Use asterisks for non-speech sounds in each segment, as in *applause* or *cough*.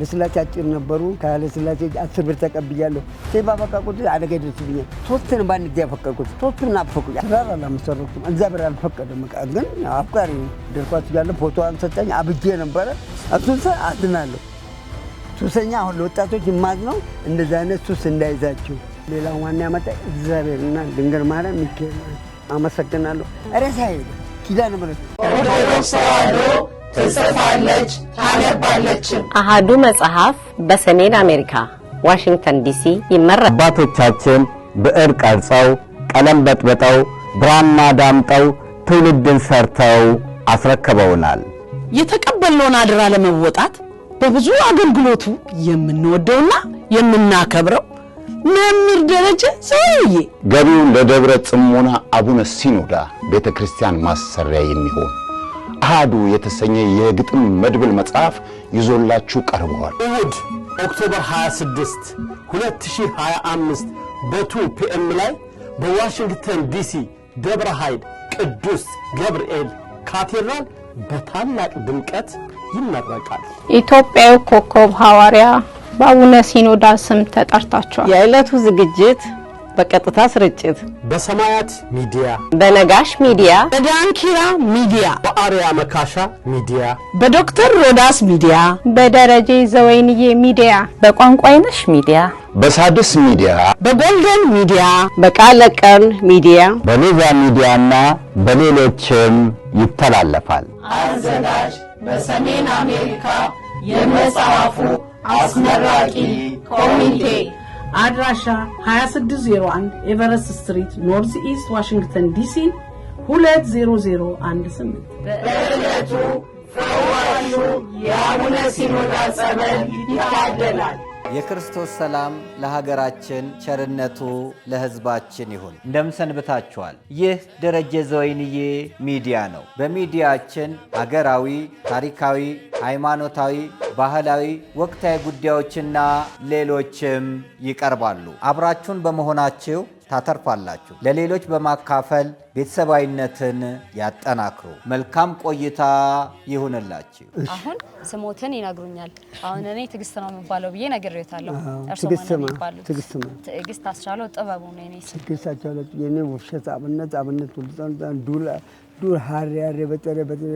ለስላሴ አጭር ነበሩ። ከለስላሴ አስር ብር ተቀብያለሁ። ሴ ባፈቃ አደጋ ይደርስብኛል። ሶስትን በአንድ ጊዜ ያፈቀርኩት ሶስቱን አፈቁ ስራር አላመሰረኩም። እግዚአብሔር አልፈቀደም። ግን አፍቃሪ ደርኳት ያለ ፎቶ አንሰጠኝ። አብጄ ነበረ ሱስ አድናለሁ። ሱሰኛ አሁን ለወጣቶች የማዝ ነው። እንደዚ አይነት ሱስ እንዳይዛችሁ። ሌላ ዋና ያመጣ እግዚአብሔርና ድንግል ማርያም ሚካኤል አመሰግናለሁ። ሬሳ ሄደ ኪዳነ ምሕረት ትጽፋለች፣ ታነባለችም። አሃዱ መጽሐፍ በሰሜን አሜሪካ ዋሽንግተን ዲሲ ይመረጣል። አባቶቻችን ብዕር ቀርጸው፣ ቀለም በጥበጠው ብራና ዳምጠው ትውልድን ሰርተው አስረክበውናል። የተቀበልነውን አደራ ለመወጣት በብዙ አገልግሎቱ የምንወደውና የምናከብረው መምህር ደረጀ ሰውዬ ገቢውን ለደብረ ጽሞና አቡነ ሲኖዳ ቤተ ክርስቲያን ማሰሪያ የሚሆን አሃዱ የተሰኘ የግጥም መድብል መጽሐፍ ይዞላችሁ ቀርበዋል። እሁድ ኦክቶበር 26 2025 በቱ ፒኤም ላይ በዋሽንግተን ዲሲ ደብረ ኃይል ቅዱስ ገብርኤል ካቴድራል በታላቅ ድምቀት ይመረቃል። ኢትዮጵያዊ ኮከብ ሐዋርያ በአቡነ ሲኖዳ ስም ተጠርታቸዋል። የዕለቱ ዝግጅት በቀጥታ ስርጭት በሰማያት ሚዲያ፣ በነጋሽ ሚዲያ፣ በዳንኪራ ሚዲያ፣ በአርያ መካሻ ሚዲያ፣ በዶክተር ሮዳስ ሚዲያ፣ በደረጀ ዘወይንዬ ሚዲያ፣ በቋንቋይነሽ ሚዲያ፣ በሳድስ ሚዲያ፣ በጎልደን ሚዲያ፣ በቃለ ቀን ሚዲያ፣ በኔዛ ሚዲያና በሌሎችም ይተላለፋል። አዘጋጅ በሰሜን አሜሪካ የመጽሐፉ አስመራቂ ኮሚቴ አድራሻ 2601 ኤቨረስት ስትሪት ኖርዝ ኢስት ዋሽንግተን ዲሲ 20018። በእለቱ ፈዋሹ የአቡነ ሲኖዳ ጸበል ይታደላል። የክርስቶስ ሰላም ለሀገራችን፣ ቸርነቱ ለሕዝባችን ይሁን። እንደምሰንብታችኋል ይህ ደረጀ ዘወይንዬ ሚዲያ ነው። በሚዲያችን ሀገራዊ፣ ታሪካዊ፣ ሃይማኖታዊ፣ ባህላዊ፣ ወቅታዊ ጉዳዮችና ሌሎችም ይቀርባሉ። አብራችሁን በመሆናችሁ ታተርፋላችሁ። ለሌሎች በማካፈል ቤተሰባዊነትን ያጠናክሩ። መልካም ቆይታ ይሁንላችሁ። አሁን ስሞትን ይነግሩኛል። አሁን እኔ ትግስት ነው የምባለው ብዬ ነግሬዎታለሁ። ትዕግስት አስቻለው ጥበቡ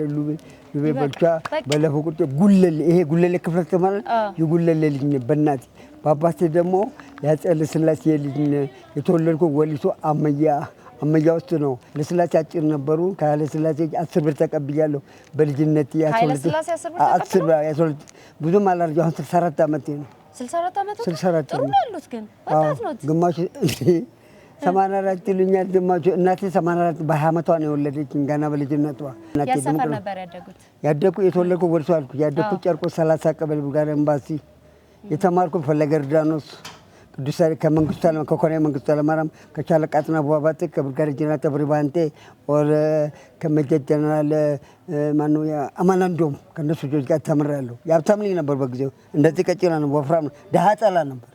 ዱር ሉቤ ሉቤ በልቻ በለፈ ቁጭ ጉለሌ ይሄ ጉለሌ ክፍለት ማለት የጉለሌ ልጅ በእናት በአባቴ ደግሞ ልጅ የተወለድኩ ወሊሶ አመያ አመያ ውስጥ ነው። ለስላሴ አጭር ነበሩ። ከኃይለስላሴ አስር ብር ተቀብያለሁ በልጅነት ብዙም አላርጅ። አሁን ስልሳ አራት ዓመቴ ነው። ስልሳ አራት ግማሽ *laughs* ሰማንያ አራት ይሉኛል ግማሹ። እናቴ ሰማንያ አራት በሀያ ዓመቷ ነው የወለደችኝ ገና በልጅነቷ። ያደኩ የተወለድኩ ወሊሶ አልኩ። ያደኩ ጨርቆስ ሰላሳ ቀበሌ ቡልጋሪያ ኤምባሲ የተማርኩ ፈለገ ርዳኖስ ከመንግስቱ ከኮሎኔል መንግስቱ ኃይለማርያም ከሻለቃ አጥናፉ አባተ ከብርጋዴር ጀነራል ተፈሪ ባንቴ ኦር ከሜጀር ጀነራል ማነው አማን አንዶም ልጆች ጋር ተምሬያለሁ። የሀብታም ልጅ ነበር በጊዜው እንደዚህ ቀጭን ነው፣ ወፍራም ነው፣ ጠላ ነበር።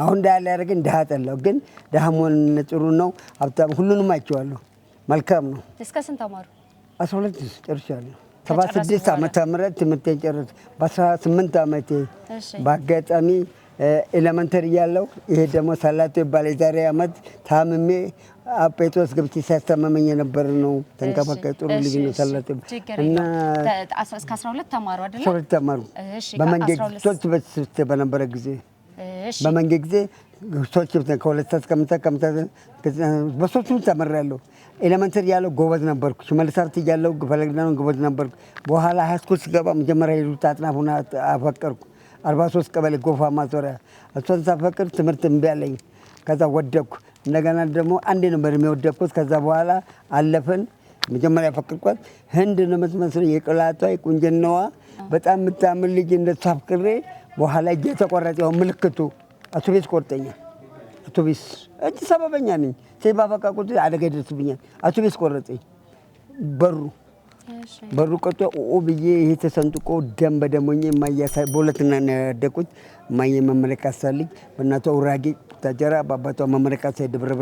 አሁን ድሀ ላይ ያደረገኝ ድሀ ጠላሁ። ግን ድሀ መሆን ጥሩ ነው። ሀብታም ሁሉንም አይቼዋለሁ። መልካም ነው። እስከ ስንት ተማሩ? አስራ ሁለት ጨርሻለሁ። ሰባ ስድስት ዓመተ ምህረት ትምህርቴን ጨረስኩ። በአስራ ስምንት ዓመቴ በአጋጣሚ ኤሌመንተሪ እያለሁ ይሄ ደግሞ ሳላቶ ይባላል። የዛሬ ዓመት ታምሜ ጴጥሮስ ገብቼ ሲያስታመመኝ የነበር ነው። ተንከባከብ ጥሩ ልጅ ነው ሳላቶ እና እስከ አስራ ሁለት ተማሩ አይደለ? ተማሩ በመንገድ ሶስት በነበረ ጊዜ በመንገድ ጊዜ ሶች ከሁለት ከምታ ከምታ በሶስቱም ተምሬያለሁ። ኤሌመንተሪ እያለሁ ጎበዝ ነበርኩ። ሽመልሳብት እያለሁ ፈለግና ጎበዝ ነበርኩ። በኋላ ሃይስኩል ስገባ መጀመሪያ ሄዱት አጥናፉን አፈቀርኩ 43 ቀበሌ ጎፋ ማዞሪያ እሷን ሳፈቅር ትምህርት እምቢ አለኝ። ከዛ ወደኩ። እንደገና ደግሞ አንዴ ነው በእድሜ ወደኩት። ከዛ በኋላ አለፈን። መጀመሪያ ያፈቅርኳት ህንድ ነው የምትመስለኝ። የቅላቷ የቁንጅናዋ በጣም የምታምር ልጅ እንደሷ አፍቅሬ በኋላ እጄ ተቆረጠ። ያው ምልክቱ አውቶቢስ ቆርጠኛል። አውቶቢስ እጅ ሰበበኛ ነኝ። ሴት ባፈቃ ቁጥር አደጋ ይደርስብኛል። አውቶቢስ ቆረጠኝ በሩ በሩቀቱ ኦ ብዬ ይሄ ተሰንጥቆ ደም በደሞኜ የማያሳይ በሁለትና ነው ያደኩት። እማዬ መመለካት ሳልጅ በእናቷ ውራጌ ታጀራ በአባቷ መመለካት ሳይ ደብረ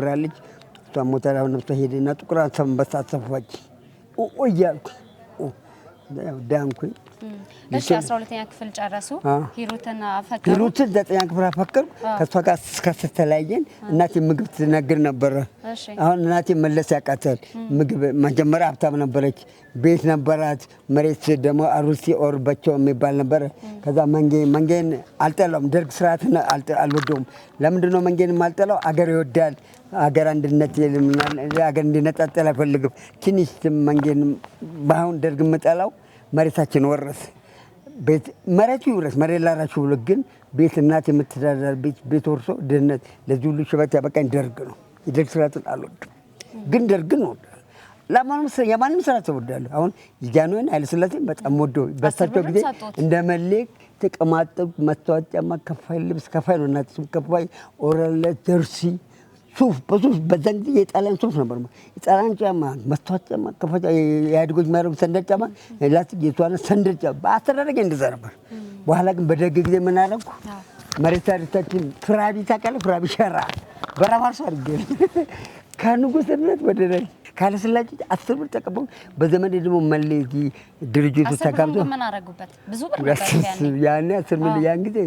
እሷ ሞታ ላይ ነብሷ ሄደና ጥቁር አንበሳ ሰፋች። ኦ እያልኩ ዳንኩኝ። እሺ 12ኛ ክፍል ጨረሱ። ሂሩትን አፈቀሩ። ሂሩትን ዘጠኛ ክፍል አፈቀርኩ። ከእሷ ጋር እስከስተለያየን እናቴ ምግብ ትነግር ነበረ። አሁን እናቴ መለስ ያቃተል ምግብ መጀመሪያ ሀብታም ነበረች፣ ቤት ነበራት። መሬት ደግሞ አሩሲ ኦር በቸው የሚባል ነበረ። ከዛ መንጌ መንጌን አልጠላውም፣ ደርግ ስርዓትን አልወደውም። ለምንድነው ነው መንጌን የማልጠላው? አገር ይወዳል አገር አንድነት አገር እንዲነጣጠል አይፈልግም። ትንሽ መንጌን በአሁን ደርግ የምጠላው መሬታችን ወረስ መሬቱ ይውረስ መሬት ላራችሁ ብሎ ግን ቤት እናት የምትዳዳር ቤት ወርሶ ድህነት ለዚህ ሁሉ ሽበት ያበቃኝ ደርግ ነው። የደርግ ስርዓትን አልወድም፣ ግን ደርግን እወዳለሁ። የማንም ስርዓት እወዳለሁ። አሁን ጃንሆይን ኃይለሥላሴን በጣም ወደው በሳቸው ጊዜ እንደ መሌክ ተቀማጠብ መታወቂያማ ከፋይ ልብስ ከፋይ ነው እናት ከፋይ ኦረለ ደርሲ ሱፍ በሱፍ በዛን ጊዜ የጣሊያን ሱፍ ነበር። የጣሊያን ጫማ፣ መስታወት ጫማ፣ ከፈጫ የአድጎች የሚያደርጉ ሰንደል ጫማ፣ ላስቲክ የሷነ ሰንደል ጫማ በአስተዳደግ እንደዛ ነበር። በኋላ ግን በደግ ጊዜ ምን አደረኩ? መሬት ታሪታችን ፍራቢ ታውቃለህ? ፍራቢ ሸራ በራባርሶ አድርጌ *laughs* ከንጉሥነት ወደ ላይ ካለስላሴ አስር ብር ተቀበሉ። በዘመን ደግሞ መሌ ድርጅቱ ተጋብዞ ያኔ አስር ያን ጊዜ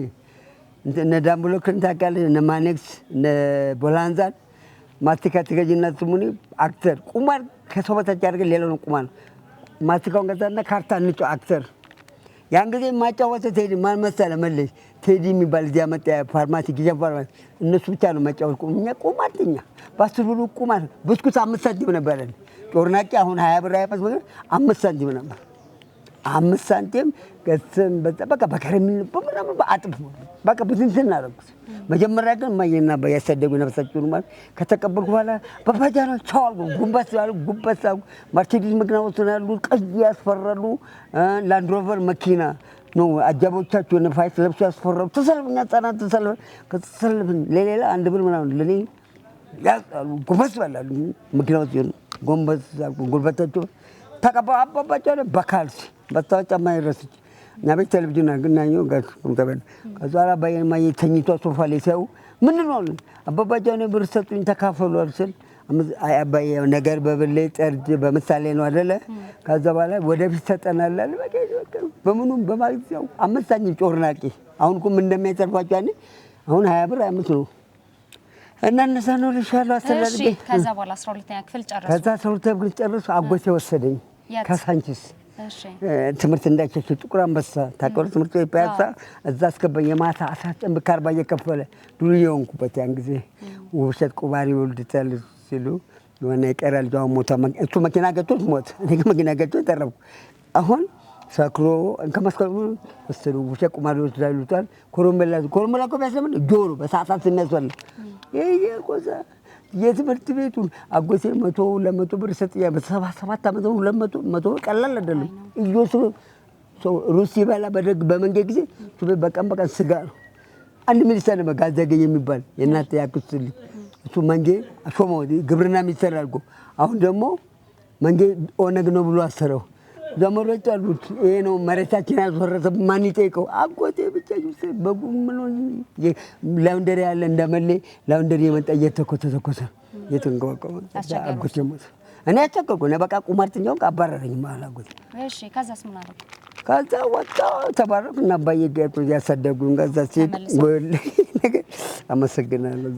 እነ ዳምብሎክን ታውቃለህ? እነ ማኔክስ እነ ቦላንዛን ማስቲካ ትገዥና ስሙኒ አክተር ቁማር ከሰው በታች አድርገን ሌላው ነው ቁማር ማስቲካውን ገዛና ካርታ እንጫ አክተር ያን ጊዜ ማጫወተ ቴዲ ማን መሰለህ? መለስ ቴዲ የሚባል እዚያ መጣ ፋርማሲ ጊዜ ፋርማሲ እነሱ ብቻ ነው መጫወት። እኛ ቁማርተኛ በአስር ብሩ ቁማር ብስኩት አምስት ሳንቲም ነበረን። ጮርናቄ አሁን ሀያ ብር አይፈስ አምስት ሳንቲም ነበር። አምስት ሳንቲም ገስን በቃ በከረሚል በምናምን በአጥፍ በቃ ብትንትን አደረኩት። መጀመሪያ ግን ማየና አባዬ ያሳደጉ ነፍሳቸውን ማለት ከተቀበልኩ በኋላ በባጃ ነው ቻው አልኩ። ጉንበት ስላሉ ጉንበት ሳልኩ ማርሴዲስ መኪና ወስነ ያሉ ቀይ ያስፈረሉ ላንድሮቨር መኪና ነው አጃቦቻቸው ነፋይት ለብሶ ያስፈረሩ ተሰልፍና ህጻናት ተሰልፍ ከተሰልፍን ለሌላ አንድ ብር ምናምን ለኔ ጎንበስ ባላሉ መኪና ውስጥ ሆኑ ጎንበስ ጉልበታቸው ተቀባ አባባቸው በካልሲ በታጫማ ይረስች እና ቤት ቴሌቪዥን አገናኘው ጋር ተበል ከዛ ባየማ የተኝቷ ሶፋ ላይ ሲያዩ ምንድን ነው አባባጃኔ ብር ሰጡኝ ተካፈሉ አልስል አባዬ ነገር በብሌ ጠርጅ በምሳሌ ነው አደለ። ከዛ በኋላ ወደፊት ሰጠናላል በምኑም በማለት አመሳኝ ጮርናቄ አሁን ኩም እንደሚያጠርፋቸው ያኔ አሁን ሀያ ብር አምስት ነው እና እነዛ ነው ልሻለሁ አስተዳድጌ ከዛ በኋላ አስራ ሁለተኛ ክፍል ጨረሱ። ከዛ አስራ ሁለተኛ ክፍል ጨረሱ። አጎቴ ወሰደኝ ካሳንቺስ ትምህርት እንዳይቸሽ ጥቁር አንበሳ ታቀሩ ትምህርት ቤት ፒያሳ እዛ አስገባኝ። የማታ አሳጥን ብካርባ እየከፈለ ዱርዬ የሆንኩበት ያን ጊዜ ውብሸት ቁባሪ ወልድታል ሲሉ የሆነ የቀረ ልጅ አሁን ሞቷ። እሱ መኪና ገጭቶት ሞት፣ እኔ ግን መኪና ገጭቶ ተረፍኩ። አሁን ሰክሮ ከመስከሩ ወሰዱ። ውሸት ቁማሪዎች ዛይሉታል። ኮሮመላ ኮሮመላ እኮ ቢያስለምን ጆሮ በሰዓታት የሚያስበላ ይሄ ኮዛ የትምህርት ቤቱን አጎሴ መቶ ለመቶ ብር ሰጥ በሰባ ሰባት ዓመት ለመቶ መቶ ብር ቀላል አይደለም። እዮስብ ሩስ ይበላ በደግ በመንገድ ጊዜ ሱቤ በቀን በቀን ስጋ ነው። አንድ ሚኒስተር ነው ጋዘገኝ የሚባል የእናት ያክስል እሱ መንጌ ሾመ ግብርና ሚኒስተር አድርጎ አሁን ደግሞ መንጌ ኦነግ ነው ብሎ አሰረው። ዘመዶች አሉት። ይሄ ነው መሬታችን ያስወረሰ ማን ይጠይቀው? አጎቴ ብቻ ጅብሴ በጉም ምኖ ላውንደሪ ያለ እንደመሌ ላውንደሪ የመጣ እየተኮሰ ተኮሰ እየተንቀባቀበ አጎቴ ሞት። እኔ አስቸገርኩ። እኔ በቃ ቁማርተኛውን አባረረኝ ማለት አጎቴ። እሺ ከዛስ ምን አደረግ? ከዛ ወጣ ተባረኩ እና አባዬ ጋር ያሳደጉን ከዛ ሴት ጎል *laughs* ነገር አመሰግናለሁ።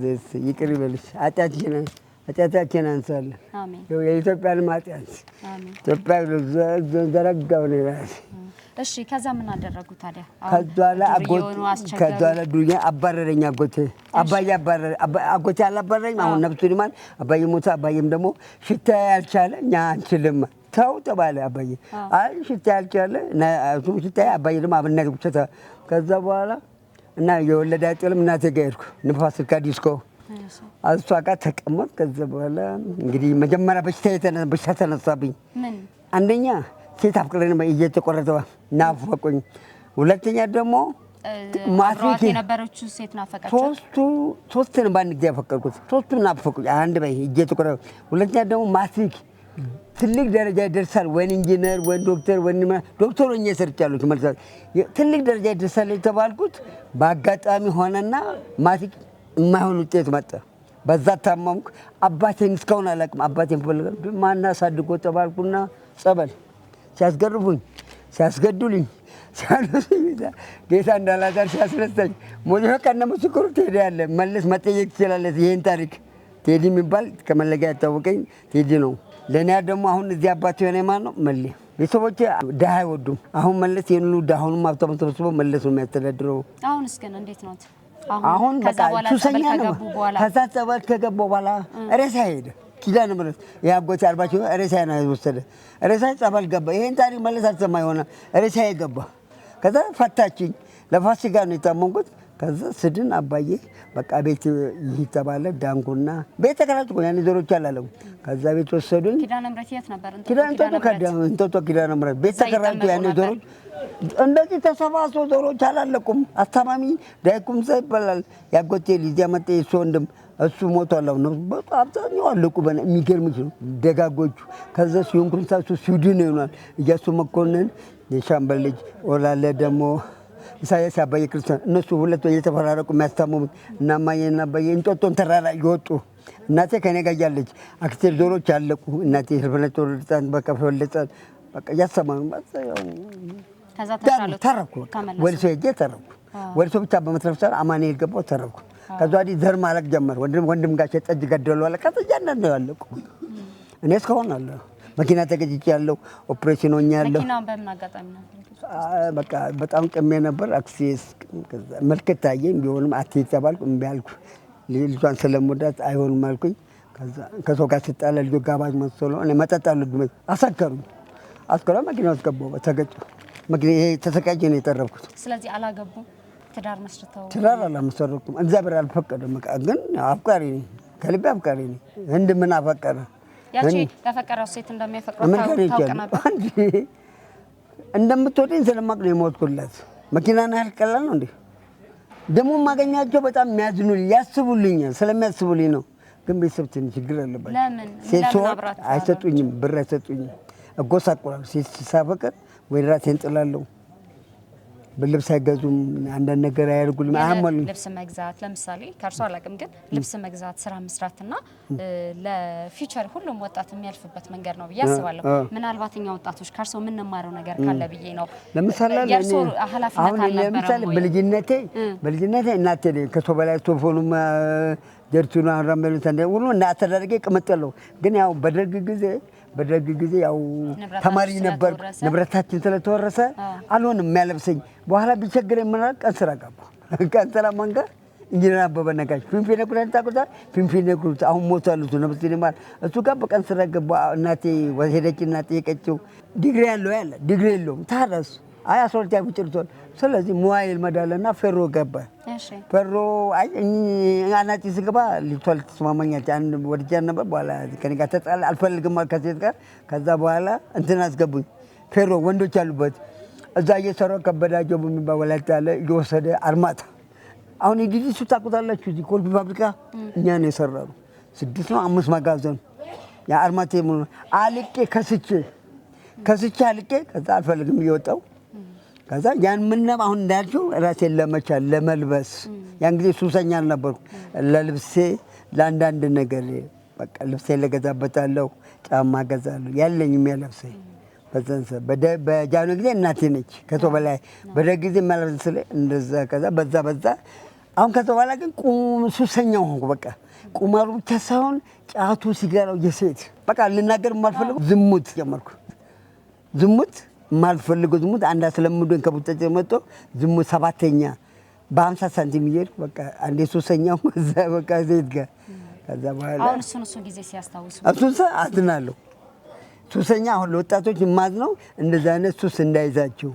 ይቅር ይበልሽ አጫችነን ኃጢአታችን አንሳለን። የኢትዮጵያንም ኃጢአት ኢትዮጵያ ዘረጋው ነው ይላል። እሺ ከዛ ምን አደረጉ ታዲያ? ከዛ ላይ አባረረኝ። አጎቴ አባዬ አባረረ። አጎቴ አላባረረኝም። አሁን ነብሱ ይልማል። አባዬ ሞተ። አባዬም ደግሞ ሽታ ያልቻለ እኛ አንችልም ተው ተባለ። አባዬ አይ ሽታ ያልቻለ ሽታ አባዬ ደግሞ አብነት ብቻ ከዛ በኋላ እና የወለዳ ጥልም እናቴ ጋር ሄድኩ ንፋስ ስልካ እሷ ጋር ተቀመጥ። ከዛ በኋላ እንግዲህ መጀመሪያ በሽታ በሽታ ተነሳብኝ። አንደኛ ሴት አፍቅረን ነው ናፈቁኝ። ሁለተኛ ደግሞ ማትሪክ የነበረችው ሴት ናፈቀችው። ሶስቱ ሶስቱን በአንድ ጊዜ ያፈቀርኩት ሶስቱ ናፈቁኝ። አንድ በይ እየተቆረ ሁለተኛ ደግሞ ማትሪክ ትልቅ ደረጃ ይደርሳል። ወን ኢንጂነር ወን ዶክተር ወይ ዶክተር ሆኜ ሰርቻለሁ። ትምህርት ትልቅ ደረጃ ይደርሳል የተባልኩት በአጋጣሚ ሆነና ማትሪክ የማይሆን ውጤት መጣ። በዛ ታመምኩ። አባቴን እስካሁን አላውቅም። አባቴን ፈልገን ማና አሳድጎ ተባልኩና ጸበል ሲያስገርፉኝ፣ ሲያስገድሉኝ፣ ጌታ እንዳላዛር ሲያስነሳኝ ሞጆ ከነ ምስክሩ ቴዲ ያለ መለስ መጠየቅ ትችላለህ። ይህን ታሪክ ቴዲ የሚባል ከመለጋ ያታወቀኝ ቴዲ ነው። ለእኔ ደግሞ አሁን እዚህ አባት የሆነ ማን ነው መሌ። ቤተሰቦቼ ድሀ አይወዱም። አሁን መለስ ይህን ሁሉ ድሀውንም ሀብታሙን ሰብስቦ መለስ ነው የሚያስተዳድረው። አሁን እስገና እንዴት ናት? አሁን በቃ ሱሰኛ ነው። ከዛ ጸበል ከገባ በኋላ ሬሳ ሄደ። ኪዳነ ምሕረት የአጎቴ አርባቸው ሬሳ ነው ወሰደ። ሬሳ ጸበል ገባ። ይሄን ታሪክ መለስ አልሰማ የሆነ ሬሳ ገባ። ከዛ ፈታችኝ። ለፋሲካ ነው የታመንኩት። ከዛ ስድን አባዬ በቃ ቤት ይህ ተባለ። ዳንኩና ቤት ተከራጭኩ። ያኔ ዞሮች አላለም። ከዛ ቤት ወሰዱን። ኪዳነ ምሕረት ኪዳነ ምሕረት ቤት ተከራጭኩ። ያኔ ዞሮች እንደዚህ ተሰባስቦ ዞሮች አላለቁም። አስታማሚ ዳይኩም ሰ ይባላል። ያጎቴ ልጅ ያመጣ የሱ ወንድም እሱ ሞቷል። አሁን አብዛኛው አለቁ። የሚገርም ደጋጎቹ ከዛ ሲሆንኩን ሳሱ ስዊድን ይሆናል እያሱ መኮንን የሻምበል ልጅ ወላለ ደግሞ ኢሳያስ አባየ ክርስቲያን እነሱ ሁለቱ እየተፈራረቁ የሚያስታምሙት እና እማዬና አባዬ እንጦጦን ተራራ እየወጡ እናቴ ከኔ ጋር እያለች አክስቴ ዶሮች አለቁ። እናቴ ህልፈለጥ ወልጣን በቃ ፈለጣን በቃ እያሰማኑ ተረኩ። ወልሶ ሄጄ ተረኩ። ወልሶ ብቻ በመትረፍ ሰር አማኑኤል ገባሁ ተረኩ። ከዛ ወዲህ ዘር ማለቅ ጀመር። ወንድም ጋሼ ጠጅ ገደሉ አለ። ከዛ እያንዳንዱ ያለቁ እኔ እስካሁን አለሁ መኪና ተገጭጭ ያለው ኦፕሬሽን ሆኛ ያለው በቃ በጣም ቅሜ ነበር። አክሲስ ምልክት ታየኝ። ቢሆንም አትሄድ ተባልኩ። እምቢ አልኩ። ልጇን ስለምወዳት አይሆንም አልኩኝ። ከሰው ጋር ስጣላ ልጆ ጋባዥ መሰሎ መጠጥ አሉ አሰከሩኝ። አስከራ መኪና ውስጥ ገባሁ። ተገጭ መኪና ይሄ ተሰቃጅ ነው የጠረብኩት። ስለዚህ አላገቡ ትዳር መስርተው ትዳር አላመሰረኩም። እግዚአብሔር አልፈቀደም። በቃ ግን አፍቃሪ ነኝ፣ ከልቤ አፍቃሪ ነኝ። ህንድ ምን አፈቀረ? ያቺ ያፈቀረው ሴት እንደሚያፈቅረው ታውቅ ነበር እንደምትወደኝ ስለማቅ ነው መኪና ነው እንዴ? ደግሞ የማገኛቸው በጣም የሚያዝኑ ያስቡልኝ ስለሚያስቡልኝ ነው። ግን ቤተሰብ ትንሽ ችግር አለባቸው። ሴት አይሰጡኝም፣ ብር አይሰጡኝም፣ እጎሳቆላለሁ። ሴት ሳፈቅር ወይ ራሴን ጥላለሁ ልብስ አይገዙም። አንዳንድ ነገር አያደርጉልም። አያሟሉ ልብስ መግዛት ለምሳሌ ከእርሶ አላቅም፣ ግን ልብስ መግዛት ስራ መስራትና ለፊውቸር ሁሉም ወጣት የሚያልፍበት መንገድ ነው ብዬ አስባለሁ። ምናልባት እኛ ወጣቶች ከእርሶ የምንማረው ነገር ካለ ብዬ ነው። ለምሳሌ ለምሳሌ በልጅነቴ በልጅነቴ እናቴ ከቶ በላይ ቶፎኑም ጀርቱን አራመሉት ሁሉ እንደ አስተዳደጌ ቅመጠለሁ። ግን ያው በደርግ ጊዜ በደርግ ጊዜ ያው ተማሪ ነበር። ንብረታችን ስለተወረሰ አልሆንም የሚያለብሰኝ። በኋላ ቢቸግረኝ የምናል አለ ቀን ስራ ገባሁ። *laughs* ቀን ስራ ማን ጋር ኢንጂነር አበበ ነጋሽ ፊንፊኔ ጉዳን ታውቁታል? ፊንፊኔ ጉድ አሁን ሞቷል። እሱ ነብስ ይማል እሱ ጋር በቀን ስራ ገባሁ። እናቴ ሄደችና ጠየቀችው። ዲግሪ ያለው ያለ ዲግሪ የለውም ታረሱ። እሱ አይ አስራ ሁለት ያቁጭ ስለዚህ መዋይል መዳለና ፌሮ ገባ። ፌሮ አናጭ ስገባ ልጅቷ ልትስማማኛች ወድጃ ነበር። በኋላ ከኔ ጋር ተጣላ፣ አልፈልግም ከሴት ጋር። ከዛ በኋላ እንትን አስገቡኝ ፌሮ ወንዶች አሉበት እዛ እየሰራ ከበዳጀው በሚባል ወላይታ አለ እየወሰደ አርማታ። አሁን እንግዲህ እሱ ታውቁታላችሁ። እዚህ ኮልፌ ፋብሪካ እኛ ነው የሰራሩ ስድስት ነው አምስት መጋዘን የአርማቴ አልቄ ከስቼ ከስቼ አልቄ ከዛ አልፈልግም እየወጣው ከዛ ያን ምነብ አሁን እንዳልችው ራሴን ለመቻል ለመልበስ ያን ጊዜ ሱሰኛ አልነበርኩ። ለልብሴ ለአንዳንድ ነገር በቃ ልብሴ ለገዛበታለሁ፣ ጫማ ገዛለሁ፣ ያለኝ የሚያለብሰ በዘንሰ በጃኑ ጊዜ እናቴ ነች ከቶ በላይ በደግ ጊዜ የሚያለብስ ስለ እንደዛ ከዛ በዛ በዛ አሁን ከቶ በኋላ ግን ሱሰኛ ሆንኩ። በቃ ቁማሩ ብቻ ሳይሆን ጫቱ፣ ሲገራው፣ የሴት በቃ ልናገር የማልፈልገው ዝሙት ጀመርኩ ዝሙት የማልፈልገው ዝሙት አንድ አስለምዶኝ ከቡጫጭ መጥቶ ዝሙት ሰባተኛ በሀምሳ ሳንቲም እየሄድኩ በቃ አንዴ ሶስተኛው እዛ *laughs* በቃ ዘይት ጋር ከዛ በኋላ አሁን እሱን እሱ ጊዜ ሲያስታውሱ እሱን ሰ አዝናለሁ። ሱሰኛ አሁን ለወጣቶች የማዝ ነው እንደዛ አይነት ሱስ እንዳይዛቸው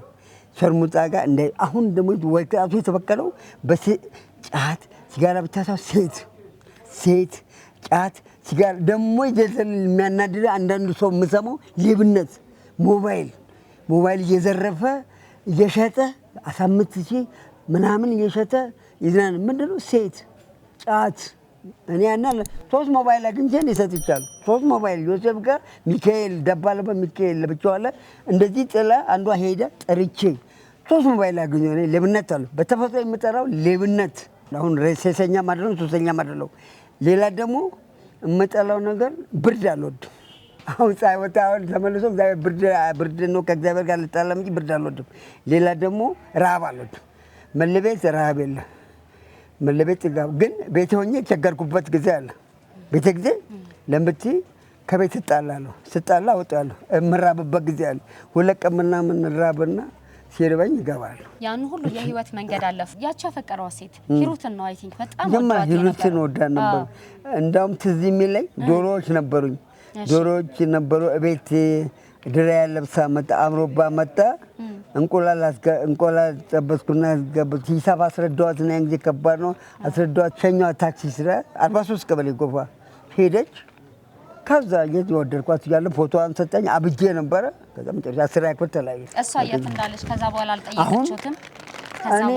ሸርሙጣ ጋር እንዳይ አሁን ደግሞ ወጣቱ የተበቀለው በጫት ሲጋራ ብቻ ሳይሆን ሴት ሴት ጫት፣ ሲጋራ ደግሞ የሚያናድደ አንዳንዱ ሰው የምሰማው ሌብነት ሞባይል ሞባይል እየዘረፈ እየሸጠ አሳምት ሺ ምናምን እየሸጠ ይዝናን። ምንድን ነው ሴት ጫት። እኔ ያና ሶስት ሞባይል አግኝቼን ይሰጥቻል። ሶስት ሞባይል ዮሴፍ ጋር ሚካኤል ደባለ በሚካኤል ለብቻዋለ እንደዚህ ጥለ አንዷ ሄደ ጠርቼ ሶስት ሞባይል አግኘ። እኔ ሌብነት አለ በተፈጥሮ የምጠራው ሌብነት። አሁን ሴሰኛ ማድረግ ሶስተኛ ማድረለው። ሌላ ደግሞ የምጠላው ነገር ብርድ አልወድም። አሁን ፀሐይ ወጣ። ተመልሶ ብርድ ነው። ከእግዚአብሔር ጋር ልጣላ እንጂ ብርድ አልወድም። ሌላ ደግሞ ረሃብ አልወድም። መለቤት ረሃብ የለ መለቤት ጥጋብ ግን ቤት ሆኜ የተቸገርኩበት ጊዜ አለ። ቤተ ጊዜ ለምቲ ከቤት እጣላለሁ። ስጣላ እወጣለሁ። የምራብበት ጊዜ አለ። ሁለት ቀን ምናምን ራብና ሲርበኝ ይገባሉ። ያን ሁሉ የህይወት መንገድ አለፉ። ያቺ ያፈቀረው ሴት ሂሩትን ነው። አይ ቲንክ በጣም ሂሩትን ወዳ ነበሩ። እንዳውም ትዝ የሚለኝ ዶሮዎች ነበሩኝ ዶሮዎች ነበሩ። እቤት ድሪያ ለብሳ መጣ፣ አምሮባ መጣ። እንቁላል እንቁላል ጠበስኩና ያስገበስኩ ሂሳብ አስረዳዋት ና ጊዜ ከባድ ነው። አስረዳዋት ሸኛዋ ታክሲ ስራ አርባ ሶስት ቀበሌ ጎፋ ሄደች። ከዛ የት የወደድኳት እያለ ፎቶዋን ሰጠኝ። አብጄ ነበረ። ከዛ መጨረሻ አስራ ያክል ተለያየ። እሷ የት እንዳለች ከዛ በኋላ አልጠየቀችሁትም? እኔ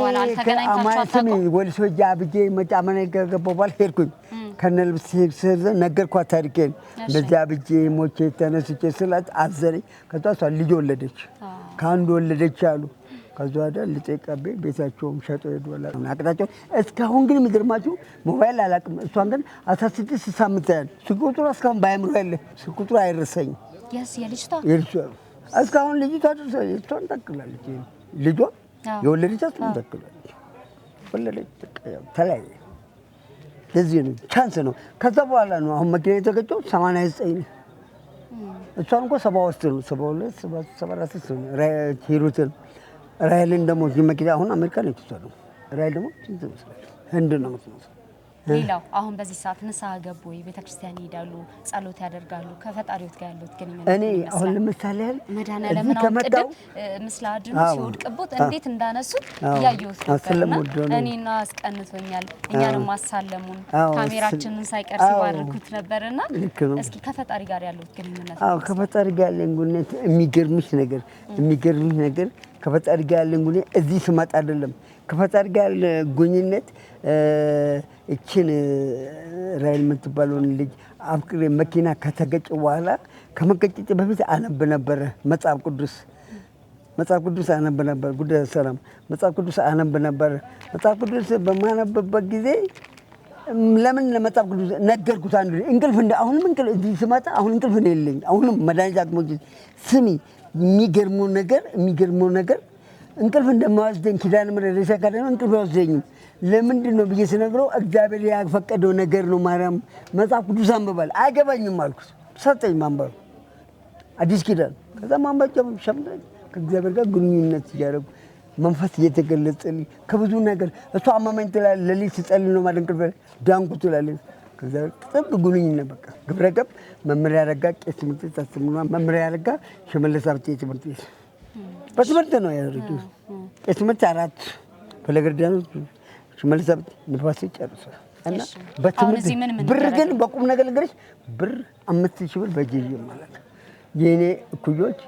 ከአማያ ስሜ ወልሶ አብጄ መጫመና ገባ በኋላ ሄድኩኝ ከነል ከነልብስ ነገርኳት ታሪኬን። በዚያ ብጄ ሞቼ ተነስቼ ስላት አዘነኝ። ከዛ እሷ ልጅ ወለደች፣ ከአንድ ወለደች አሉ። ከዛ ወደ ልጤ ቀቤ ቤታቸውም ሸጦ ሄዷል አቅጣጫው። እስካሁን ግን የሚገርማችሁ ሞባይል አላውቅም። እሷን ግን አስራ ስድስት ሳምንት ያህል ስልክ ቁጥሩ እስካሁን ባይምሮ ያለ ስልክ ቁጥሩ አይረሰኝም። እስካሁን ልጅቷ እሷን ጠቅላለች፣ ልጇ የወለደቻት ጠቅላለች፣ ወለደች፣ ተለያየ ለዚህ ነው ቻንስ ነው። ከዛ በኋላ ነው አሁን መኪና የተገጨው ሰማንያ ዘጠኝ ነው። እሷን እኮ ሰባ ውስጥ ነው ሰባ ሁለት ሰባ አራት ውስጥ ነው ሂሩትን ራይልን ደግሞ መኪና አሁን አሜሪካ ነው የተወሰደው። ራይል ደግሞ ህንድ ነው መኪና ሌላው አሁን በዚህ ሰዓት ንስሐ ገቡ ወይ ቤተ ይሄዳሉ፣ ጸሎት ያደርጋሉ፣ ከፈጣሪዎት ጋር ያሉት ግንኙነት እኔ አሁን ለምሳሌ ያህል መድኃኔዓለም ቅድም ምስለ አድኑ ሲወድቅቦት እንዴት እንዳነሱት እያየሁት ነበርና እኔና አስቀንቶኛል። እኛንም አሳለሙን ካሜራችንን ሳይቀር ሲባርኩት ነበርና እስኪ ከፈጣሪ ጋር ያሉት ግንኙነት። ከፈጣሪ ጋር ያለን ግንኙነት የሚገርምሽ ነገር የሚገርምሽ ነገር ከፈጣሪ ጋር ያለን ግንኙነት እዚህ ስመጣ አይደለም ከፈጣሪ ጋር ያለን ግንኙነት እችን ራይል የምትባለውን ልጅ አፍቅሬ መኪና ከተገጭ በኋላ ከመገጨጭ በፊት አነብ ነበረ መጽሐፍ ቅዱስ መጽሐፍ ቅዱስ አነብ ነበር። ጉዳይ ሰላም መጽሐፍ ቅዱስ አነብ ነበር። መጽሐፍ ቅዱስ በማነብበት ጊዜ ለምን መጽሐፍ ቅዱስ ነገርኩት። አንዱ እንቅልፍ እንደ አሁንም እንቅልፍ እዚህ ስመጣ አሁን እንቅልፍ ነው የለኝ። አሁንም መድኃኒት አቅሞች ስሚ፣ የሚገርመው ነገር የሚገርመው ነገር እንቅልፍ እንደማወስደኝ ኪዳነ ምሕረት ሬሳ ካዳነ እንቅልፍ አይወስደኝም። ለምንድን ነው ብዬ ስነግረው እግዚአብሔር ያፈቀደው ነገር ነው። ማርያም መጽሐፍ ቅዱስ አንብባል። አይገባኝም አልኩት። ሰጠኝ ማንበብ አዲስ ኪዳን። ከዛ ማንበጫ ጀመርኩ። ከእግዚአብሔር ጋር ግንኙነት እያደረጉ መንፈስ እየተገለጸልኝ ከብዙ ነገር እሱ አመመኝ ትላለች። ሌሊት ስጸልይ ነው ማደንቅር ዳንኩ ትላለ። ከዛ ጥብ ግንኙነት በቃ ግብረ ገብ መምሪያ ያረጋ ቄስ ትምህርት ቤት አስተምሯ መምህር ያረጋ ሽመለስ አብቴ ትምህርት ቤት በትምህርት ነው ያደረገው ቄስ ትምህርት አራት ፈለገ መልሰህ ልትወስድ ጨርሰህ እና በትምህርት ብር ግን በቁም ነገር ልንገርሽ፣ ብር አምስት ሺህ ብር በጅ ማለት የእኔ እኩዮች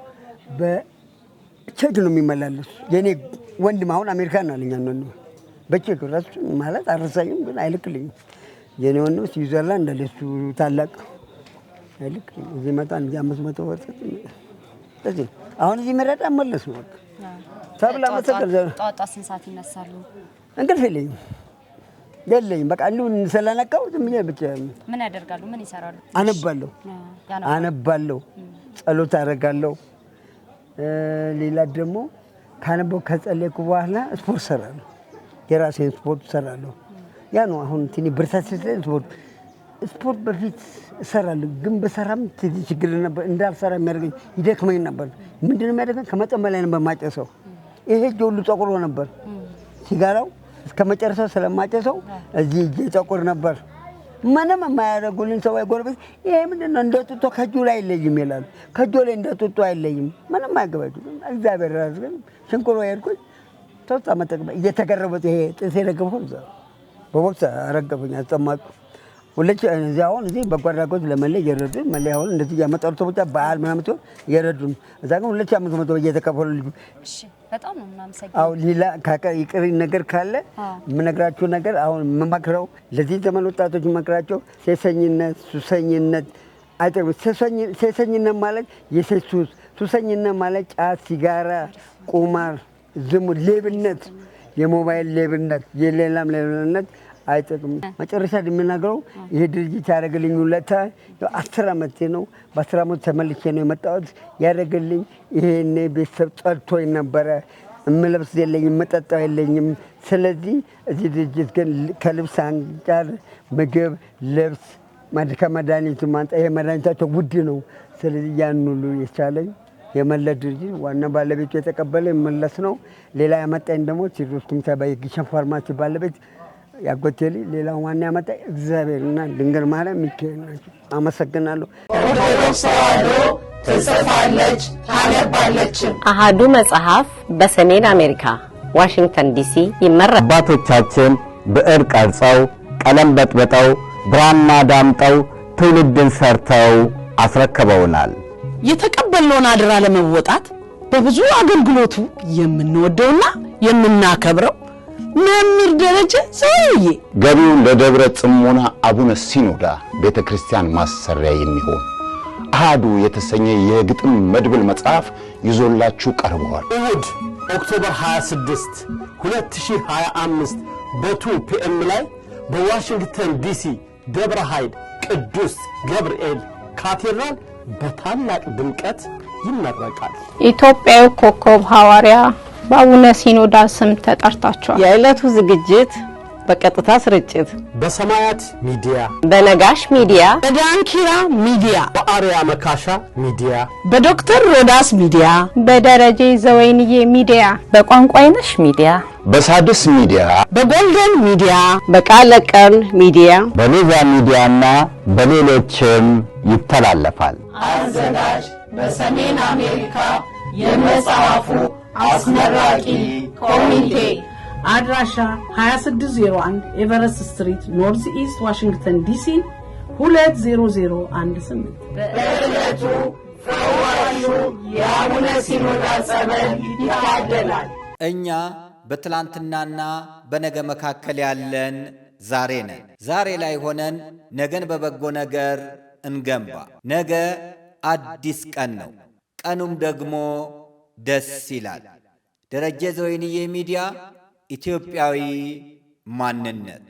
በቼክ ነው የሚመላለሱ። የእኔ ወንድም አሁን አሜሪካን አለኝ አንዱ በቼክ ራሱ ማለት አረሳዩም ግን አይልክልኝም። የእኔ ወንድም ስዊዘርላንድ አለ እሱ ታላቅ አይልክ እዚህ መጣ እንጂ አምስት መቶ ወር አሁን እዚህ መረዳ መለስ ነው ተብላ መሰገር ጠዋት ስንት ሰዓት ይነሳሉ? እንቅልፍ የለኝም የለኝም። በቃ እንዲሁ ስለነቃው ዝም ብዬ ብቻ ምን ያደርጋሉ? ምን ይሰራሉ? አነባለሁ አነባለሁ፣ ጸሎት አደርጋለሁ። ሌላ ደግሞ ካነበው ከጸለይኩ በኋላ ስፖርት ሰራለሁ። የራሴን ስፖርት ሰራለሁ። ያ ነው አሁን ትንሽ ብርታት ስለ ስፖርት ስፖርት በፊት እሰራለሁ፣ ግን በሰራም ችግር ነበር። እንዳልሰራ የሚያደርገኝ ይደክመኝ ነበር። ምንድነው የሚያደርገኝ? ከመጠን በላይ ነበር ማጨሰው። ይሄ ሁሉ ጠቁሮ ነበር ሲጋራው እስከ መጨረሻ ስለማጨሰው እዚህ እጄ ጠቁር ነበር። ምንም የማያደርጉልኝ ሰው ጎረቤት ይሄ ምንድን ነው? እንደ ጡጦ ከእጁ ላይ አይለይም ይላሉ። ከእጁ ላይ እንደ ጡጦ አይለይም። ምንም አይገባችሁ። እግዚአብሔር ራሱ ግን ሽንኩሮ ሄድኩኝ ሶስት ዓመት እየተገረበት ይሄ ጥሴ ረገፍኩ በቦክስ ረገፉኝ አስጠማቅሁ ሁለች እዚህ አሁን እዚህ በጎ አድራጎት ለመለይ እየረዱ መለ አሁን እንደዚህ ያመጣሉ ብቻ በዓል ምናምን ሲሆን እየረዱ እዛ ግን ሁለት አምስት መቶ እየተከፈሉ ልጁ አዎ ሌላ ይቅር ነገር ካለ የምነግራችሁ ነገር አሁን የምመክረው ለዚህ ዘመን ወጣቶች የምመክራቸው ሴሰኝነት፣ ሱሰኝነት አይጠቅም። ሴሰኝነት ማለት የሴት ሱስ፣ ሱሰኝነት ማለት ጫት፣ ሲጋራ፣ ቁማር፣ ዝሙት፣ ሌብነት፣ የሞባይል ሌብነት፣ የሌላም ሌብነት አይጠቅም። መጨረሻ የምናገረው ይሄ ድርጅት ያደረገልኝ ውለታ አስር አመቴ ነው። በአስር አመት ተመልሼ ነው የመጣሁት። ያደረገልኝ ይሄኔ ቤተሰብ ጠልቶኝ ነበረ። የምለብስ የለኝም፣ መጠጣው የለኝም። ስለዚህ እዚህ ድርጅት ግን ከልብስ አንጻር ምግብ፣ ልብስ፣ ማድካ መድኃኒቱ ማንጣ ይሄ መድኃኒታቸው ውድ ነው። ስለዚህ ያን ሁሉ የቻለኝ የመለስ ድርጅት ዋና ባለቤቱ የተቀበለ የመለስ ነው። ሌላ ያመጣኝ ደግሞ ቴዎድሮስ ኩምታ በግሸን ፋርማሲ ባለቤት ያጎቴ ልጅ ሌላው ዋና ያመጣ እግዚአብሔርና ድንግል ማርያም ሚካኤል ናቸው። አመሰግናለሁ። ተዋህዶ ትጽፋለች ታነባለችም። አሃዱ መጽሐፍ በሰሜን አሜሪካ ዋሽንግተን ዲሲ ይመራል። አባቶቻችን ብዕር ቀርጸው፣ ቀለም በጥበጠው፣ ብራና ዳምጠው ትውልድን ሰርተው አስረክበውናል። የተቀበልነውን አድራ ለመወጣት በብዙ አገልግሎቱ የምንወደውና የምናከብረው መምህር ደረጀ ሰውዬ ገቢው ለደብረ ጽሞና አቡነ ሲኖዳ ቤተ ክርስቲያን ማሰሪያ የሚሆን አሃዱ የተሰኘ የግጥም መድብል መጽሐፍ ይዞላችሁ ቀርበዋል። እሁድ ኦክቶበር 26 2025 በቱ ፒኤም ላይ በዋሽንግተን ዲሲ ደብረ ኃይል ቅዱስ ገብርኤል ካቴድራል በታላቅ ድምቀት ይመረቃል። ኢትዮጵያዊ ኮከብ ሐዋርያ በአቡነ ሲኖዳ ስም ተጠርታቸዋል። የዕለቱ ዝግጅት በቀጥታ ስርጭት በሰማያት ሚዲያ፣ በነጋሽ ሚዲያ፣ በዳንኪራ ሚዲያ፣ በአርያ መካሻ ሚዲያ፣ በዶክተር ሮዳስ ሚዲያ፣ በደረጀ ዘወይንዬ ሚዲያ፣ በቋንቋይነሽ ሚዲያ፣ በሳድስ ሚዲያ፣ በጎልደን ሚዲያ፣ በቃለ በኔቫ ሚዲያ፣ በኔዛ ሚዲያና በሌሎችም ይተላለፋል። አዘጋጅ በሰሜን አሜሪካ የመጽሐፉ አስመራቂ ኮሚቴ አድራሻ 2601 ኤቨረስት ስትሪት ኖርዝ ኢስት ዋሽንግተን ዲሲ 20018 በእለቱ ፈዋሹ የአቡነ ሲኖዳ ጸበል ይታደላል። እኛ በትላንትናና በነገ መካከል ያለን ዛሬ ነን። ዛሬ ላይ ሆነን ነገን በበጎ ነገር እንገንባ። ነገ አዲስ ቀን ነው። ቀኑም ደግሞ ደስ ይላል። ደረጀ ዘወይንዬ ሚዲያ ኢትዮጵያዊ ማንነት